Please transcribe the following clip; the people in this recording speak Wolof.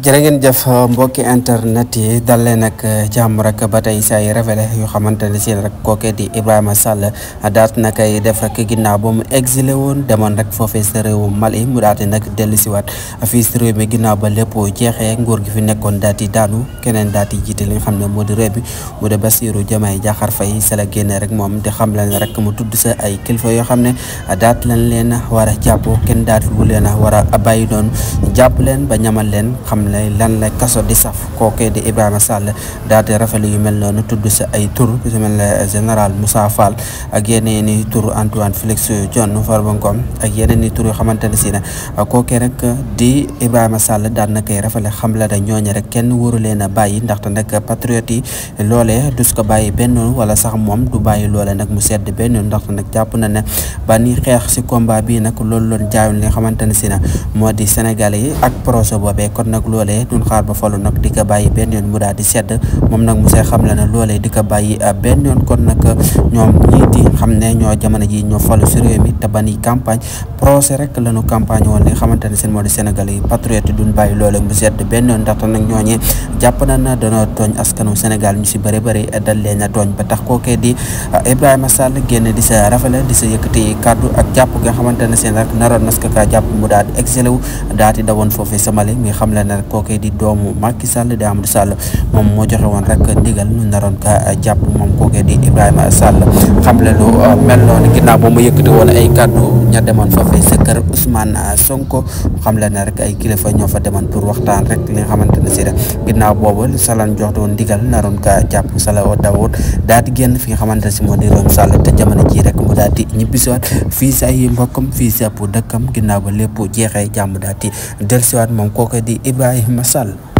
jërë ngeen jëf mbokki internet yi dal leen ak jàmm rek ba tey say révélé yoo xamante ne si rek kooke di Ibrahima Sall daat na koy def rek ginnaaw ba mu exilé woon demoon rek foofee sa réewu Mali mu daal di nag dellusiwaat fii si réew mi ginnaaw ba lépp jeexee nguur gi fi nekkoon daal di daanu keneen daal di jiite li nga xam ne moo di bi mu de Bassirou Diomaye Diakhar Faye sa la génne rek moom di xam leen rek mu tudd sa ay kilifa yoo xam ne daat lañ leen war a jàpp kenn daal di leen war a bàyyi noonu jàpp leen ba ñamal leen xam ne lan la kaso di saf kookee di Ibrahima Sall daal di rafetlu yu mel noonu tudd sa ay tur ku si mel ne général Moussa Fall ak yeneen yi tur Antoine Félix John Farba Ngom ak yeneen i tur yoo xamante ne si ne kookee rek di Ibrahima Sall daal na koy rafetlu xam la rek kenn waru leen a bàyyi ndaxte nag patriote yi loolee du ko bàyyi benn wala sax moom du bàyyi loolee nag mu sedd benn ndaxte nag jàpp na ne ba ni xeex si combat bi nag loolu loon jaayoon li nga xamante ne si na moo di Sénégalais yi ak projet boobee kon nag loolee duñ xaar ba falu nag di ko bàyyi benn yoon mu daal di sedd moom nag mu see xam la ne loolee di ko bàyyi ah, benn yoon kon nag ñoom ñi xam ne ñoo jamono ji ñoo falu si réew mi te ba ni campagne procès rek la campagne woon li nga xamante ne seen moo di Sénégalais yi patriote duñ bàyyi loolee mu sedd benn yoon ndaxte nag ñooñee jàpp na na danoo tooñ askanu Sénégal ñu si bëri bëri dal leen a tooñ ba tax kookee di ah, Ibrahima Sall génn di sa rafale di sa yëkkati kàddu ak jàpp nga xamante ne seen rek naroon nas ka jàpp mu daal di exilé wu daal di dawoon foofee samali mi xam le ne rek kookee di doomu Macky Sall di Amadou Sall moom moo joxe woon rek ndigal ñu naroon ka jàpp moom kookee di Ibrahima Sall xam le lu mel noonu ginnaaw ba mu yëkkati woon ay kàddu ña demoon fa fay sa kër Ousmane ah, Sonko xam leen ne rek ay kilifa ñoo fa deman pour waxtaan rek li nga xamante ne si ginnaaw boobu salan jox doon ndigal naroon ka jàpp sala dawoot daal di génn fi nga xamante ne si moo di roon sàll te jamono ji rek mu daal di ñibbisiwaat fii si ay mbokkam fii si ab dëkkam ginnaaw ba lépp jeexee jàmm daal di dellusiwaat moom kooku di Ibrahima Sall